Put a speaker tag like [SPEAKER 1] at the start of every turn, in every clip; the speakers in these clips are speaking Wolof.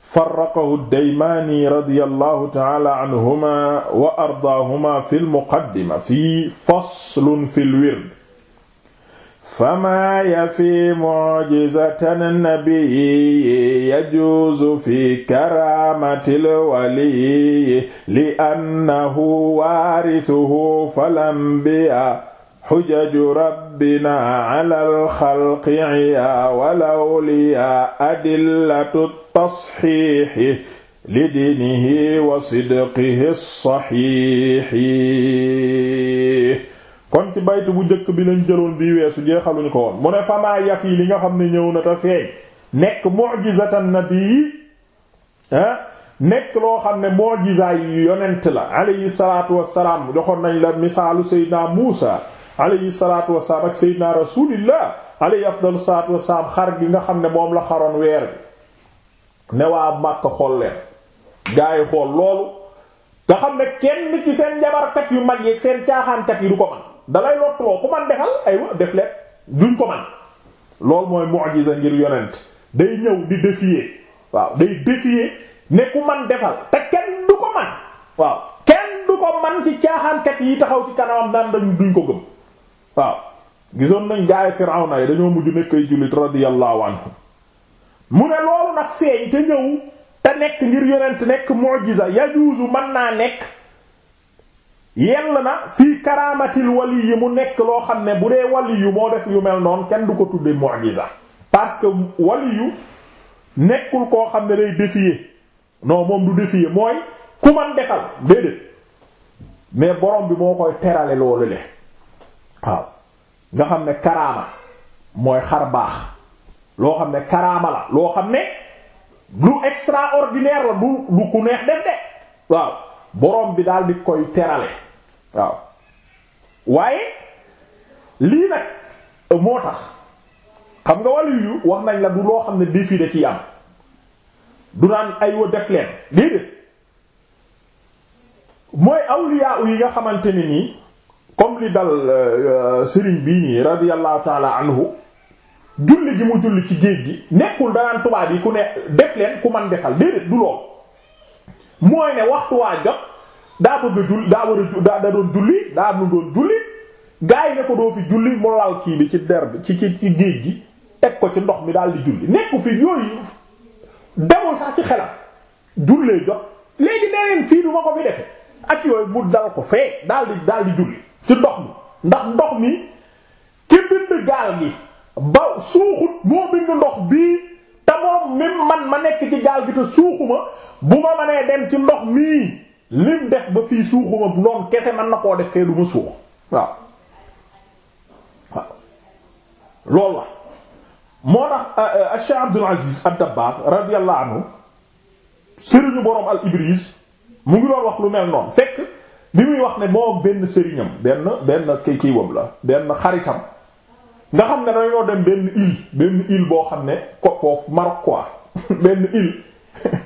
[SPEAKER 1] farraqahu daymaani radiyallahu ta'ala anhuma wa ardaahuma fi lmuqaddima fii faslun fi lwird famaa yafi mu'jizatan annabiyyi yajuuzu fi karaamatil waliyyi li annahu waarithuhu fal anbiyaa xujaju rabbina alal xalqi ciyaa walaw liyaa adillatu tasxiixi li diinihi wa sidqihi saxiixi kon ci baytu bu njëkk bi lañ jëloon bii weesu jeexaluñu ko woon mu ne famaa yaf yi li nga xam ne ñëw na te feeñ nekk mucjizatan nabii ah nekk loo xam ne mucjiza yi yonent la alayhi salaatu wassalaam joxoon nañ la misaalu seydinaa Muusaa alayhi salaatu wasalaam ak sayyidina rasulillah alayhi afdalu salaatu wasalaam xar gi nga xam ne moom la xaroon weer bi ne waa Makka xool leen gaa yi xool loolu nga xam ne kenn ci seen jabarkat yu mag yi seen caaxaankat yi du ko man dalay lottuloo ku man defal aywa def duñ ko man loolu mooy mu'jiza ngir yonent day ñëw di défier waaw day défier ne ku man defal te kenn du ko man waaw kenn du ko man ci caaxaankat yi taxaw ci kanamam daan dañ duñ ko gëm waaw gisoon nañ gaay Firawna yi dañoo mujj nekk jullit radiyallahu anhu mu ne loolu nag feeñ te ñëw te nekk ngir yonent nekk mu'jiza yajuuzu mën naa nekk yell na fii karamatil wali mu nekk loo xam ne bu dee wali yu moo def yu mel noon kenn du ko tudde mu'jiza parce que wali yu nekkul koo xam ne day défier non moom du défier mooy ku man defal déedéet mais borom bi moo koy terale loolu le waaw nga xam ne karaama mooy xar baax loo xam ne karaama la loo xam ne lu extraordinaire la du du ku neex def de waaw borom bi daal di koy terale waaw waaye lii nag moo tax xam nga wàllu yu wax nañ la du loo xam ne défi da ciy am du naan aywa déedéet mooy awliya yi nga xamante ne nii. comme li dal euh, euh, sëriñ bii nii radiyallahu taala anhu julli gi mu julli ci géej gi nekkul danaan tubaab yi ku ne def leen ku man defal déedéet du lool mooy ne waxtu waa jot daa bëgg a julli daa war da doon julli kii bi ci der bi ci ci ci gi teg ko ci ndox mi daal di julli nekku fi yooyu demul sax ci xelam jullee jot léegi nee leen fii du ko fi defe ak yooyu mu dal ko fee daal di daal di julli ci ndox mi ndax ndox mi ki bind gaal gi ba suuxut moo bind ndox bii te moom mim ma nekk ci gaal gi te suuxuma bu ma manee dem ci ndox mii lim def ba fii suuxuma noonu kese man na koo def fee du ma suux waaw waaw loolu la moo tax Cheikh Abdul Aziz ad-Dabbaagh radiyallahu anhu sëriñu boroom al Ibriz mu ngi doon wax lu mel noonu fekk bi muy wax ne moo benn sëriñam benn benn kii kii la benn xaritam nga xam ne dañoo dem benn île benn île boo xam ne ko foofu Maroc quoi benn île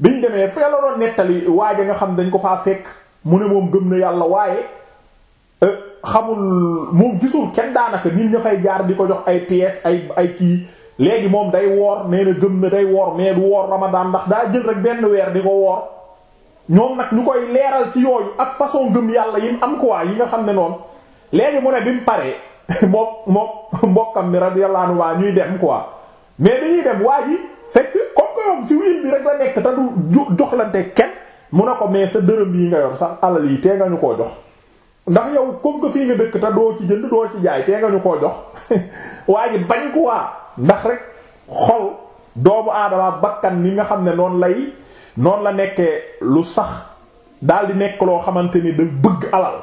[SPEAKER 1] biñ demee fee la doon nettali waaye nga xam dañ ko faa fekk mu ne moom gëm na yàlla waaye euh, xamul moom gisul kenn daanaka nit ñu fay jaar di ko jox ay pièces ay ay kii léegi moom day woor nee na gëm na day woor mais du woor Ramadan ndax daa jël rek benn weer di ko woor. ñoom nag ñu koy leeral ci yooyu ak façon gëm yàlla yi am quoi yi nga xam ne noonu léegi mu ne bi mu paree moom moom mbokkam mi yàlla anhu waa ñuy dem quoi mais dañuy dem waa ji fekk comme que yow ci wiil bi rek la nekk te du joxlante kenn mu ne ko mais sa dërëm yi nga yor sax alal yi tee nga ñu koo jox. ndax yow comme fii nga dëkk ta doo ci jënd doo ci jaay tee nga ñu koo jox waa ji bañ quoi ndax rek xol doomu aadama bakkan li nga xam ne noonu lay. noonu la nekkee lu sax daal di nekk loo xamante ni da bëgg alal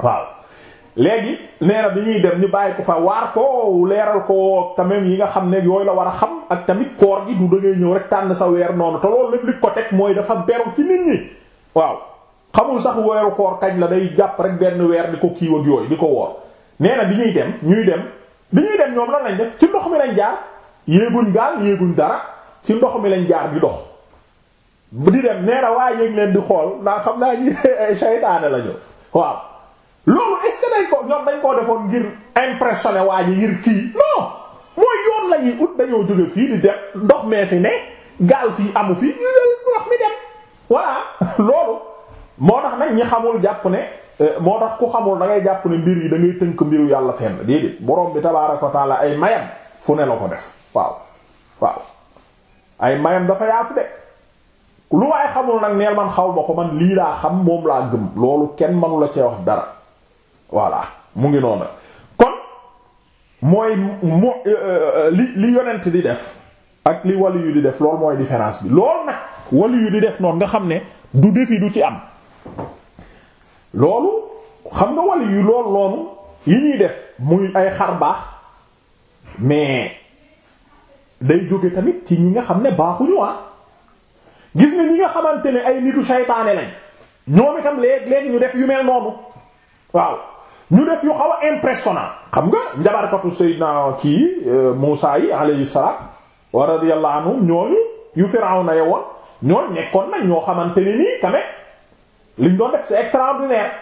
[SPEAKER 1] waaw léegi nee na bi ñuy dem ñu bàyyi ko fa waar ko leeral ko quand yi nga xam ne yooyu la war a xam ak tamit koor gi du dangay ñëw rek tànn sa weer noonu te loolu li ko teg mooy dafa beru ci nit ñi waaw xamul sax weeru koor kañ la day jàpp rek benn weer di ko kiiw ak yooyu di ko woor nee bi ñuy dem ñuy dem bi ñuy dem ñoom lan lañ def ci ndox mi lañ jaar yéeguñ gaal yéeguñ dara ci ndox mi lañ jaar di bu di dem nee na waa yéeg leen di xool ndax xam naa ñi saytaane lañu waaw loolu est-ce ko ñoom dañ koo defoon ngir impressionné waa ji ngir kii non mooy yoon la ut dañoo jóge fii di dem ndox mee fi ne gaal fii amu fii ñu ndox mi dem voilà loolu moo tax nag ñi xamul jàpp ne euh, moo tax ku xamul da ngay jàpp ne mbir yi da ngay tënk mbiru yàlla fenn déedéet borom bi tabaaraka wa ay mayam fu ne la ko def waaw waaw ay mayam dafa yaatu de lu waaye xamul nag neel man xaw ma ko man lii laa xam moom laa gëm loolu kenn manu la cee wax dara voilà mu ngi noonu kon mooy mu euh, euh, li li yonent di def ak li wali yu di def loolu mooy différence bi loolu nag wali yu di def noonu nga xam ne du defi du ci am loolu xam nga wali yu loolu loonu yi ñuy def muy ay xar baax mais day jóge tamit ci ñi nga xam ne baaxuñu ah gis nga ñi nga xamante ne ay nitu saytaane lañ ñoom itam léeg-léeg ñu def yu mel noonu waaw ñu def yu xaw a xam nga njabarkatu sayyidna kii euh, Muusaa yi alayhi salaam wa radiyallahu anhum ñooñu yu Firawna ya woon nekkoon nañ ñoo xamante ni nii tamit liñ doon def c'est extraordinaire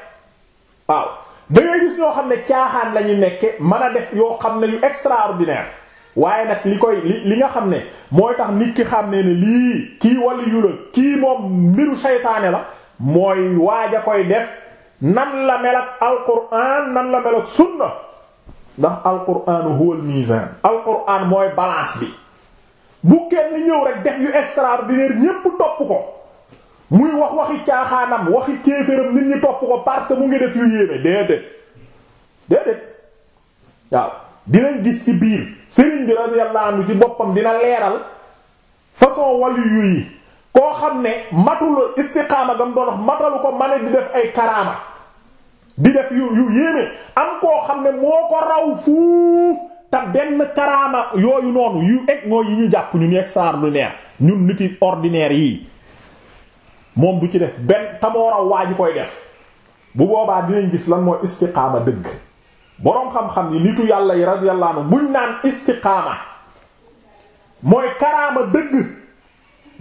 [SPEAKER 1] waaw da ngay gis ñoo xam ne caaxaan lañu ñu nekke mën a def yoo xam ne yu extraordinaire waaye nag li koy li li nga xam ne mooy tax nit ki xam ne ne lii kii wàllu yu la kii moom mbiru seytaane la mooy waaj a koy def nan la mel ak alquran nan la mel ak sunna ndax alquran huwal mizan alquran mooy balance bi bu kenn ñëw rek def yu extraordinaire ñépp topp ko muy wax waxi caaxaanam waxi kéeféram nit ñi topp ko parce que mu ngi def yu yéeme déedéet déedéet waaw dinañ gis ci biir sëriñ bi radiyallahu anhu ci boppam dina leeral façon waliyu yi koo xam ne matul istiqaama gam doon matalu ko mane di def ay karaama di def yu yu yéeme am koo xam ne moo ko raw fuuf te benn karaama yooyu noonu yu egg mooy yi ñu jàpp ñun extraordinaire ñu niti ordinaire yi moom du ci def benn tamoora waa ji koy def bu boobaa dinañ gis lan mooy istiqaama dëgg boroom xam-xam yi nitu yàlla yi radiyallahu anhu buñ naan istiqaama mooy karaama dëgg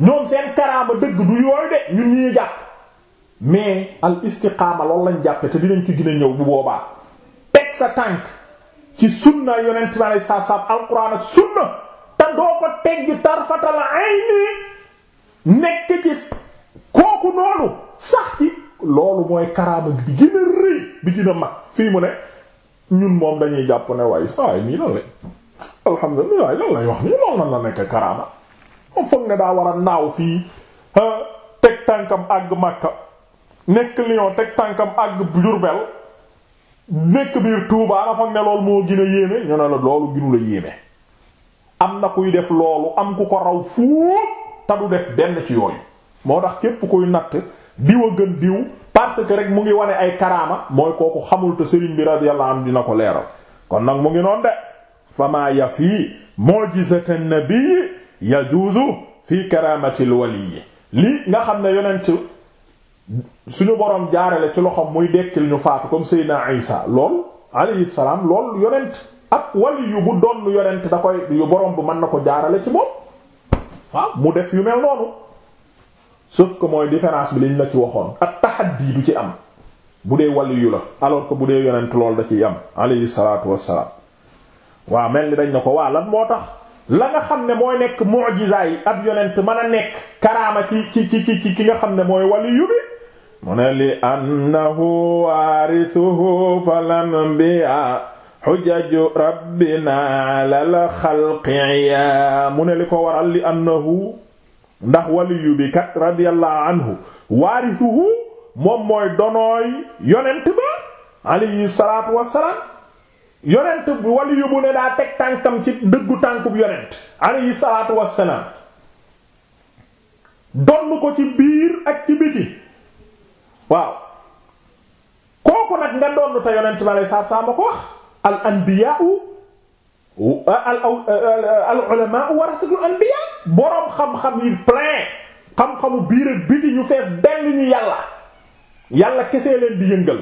[SPEAKER 1] ñoom seen karaama dëgg du yooyu de ñu ñii jàpp mais al loolu lañ jàppe te dinañ ci gën a ñëw bu boobaa teg sa tànk ci sunna yonent bi alei saat salaam alquran ak sunna te doo ko tegg tarfatal ayni nekk ci kooku noonu sax ci loolu mooy karaama bi gën rëy bi gën mag fii mu ne ñun moom dañuy jàpp ne waaye saa yi nii lan la alhamdulilah waaye lan lay wax nii lool nan la nekk karaama moom foog ne daa war a naaw fii teg tànkam àgg Makka nekk Lyon teg tànkam àgg Diourbel nekk biir Touba foog ne loolu moo gën a yéeme ñu ne la loolu gënu la yéeme am na kuy def loolu am ku ko raw fuuf te du def benn ci yooyu moo tax képp kuy natt diw a gën diw parce que rek mu ngi wane ay karaama mooy kooku xamul te sëriñ bi radiyallahu anhu dina ko leeral kon nag mu ngi noon de fama yafi mu'jizatu nabii yajuuzu fi karamatil wali lii nga xam ne yonent suñu boroom jaarale ci loxom muy dekkil ñu faatu comme Seydina Isa lool alayhi salaam lool yonent ak wali yu bu doon yonent da koy yu boroom bu mën na ko jaarale ci moom mu def yu mel noonu sauf que mooy différence bi liñ la ci waxoon ak taxaddi du ci am bu dee waliyu la alors que bu dee yonent lool da ciy am alayhi salaatu wassalaam waa mel ni dañ na ko waa lan moo tax la nga xam ne mooy nekk mu'jiza yi ab yonent mën a nekk karaama ci ci ci ci ki nga xam ne mooy waliyu bi mu ne li annahu waarisuhu fal anbiya xujaju rabbina lal xalqi ya mu ne li ko waral li annahu ndax waliyu kat radiyallahu anhu waarisuhu moom mooy donooy yonent ba alayhi salaatu wassalaam yonent bi ne daa teg tànkam ci dëggu tànkub yonent alayhi salaatu wassalaam donn ko ci biir ak ci biti waaw kooku nag nga donn te yonent bi alayhi salaatu wassalaam ko wax al anbiyaa'u al al ulamaa warasatul anbiyaa boroom xam-xam yi plein xam-xamu biir ak biti ñu fees dell ñu yàlla yàlla kese leen di yëngal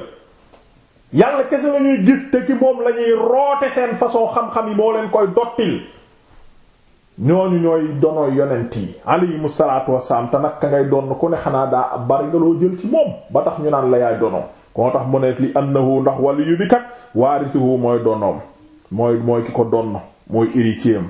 [SPEAKER 1] yàlla kese la ñuy gis te ci moom la ñuy roote seen façon xam-xam yi moo leen koy dottil ñooñu ñooy dono yonent yi alayhimu salaatu wassalaam te nag ka ngay doon ku ne xanaa daa bari nga loo jël ci moom ba tax ñu naan la yaay dono koo tax mu nekk li annahu ndax waliyu bi kat waarisuhu mooy donoom mooy mooy ki ko donn mooy héritier am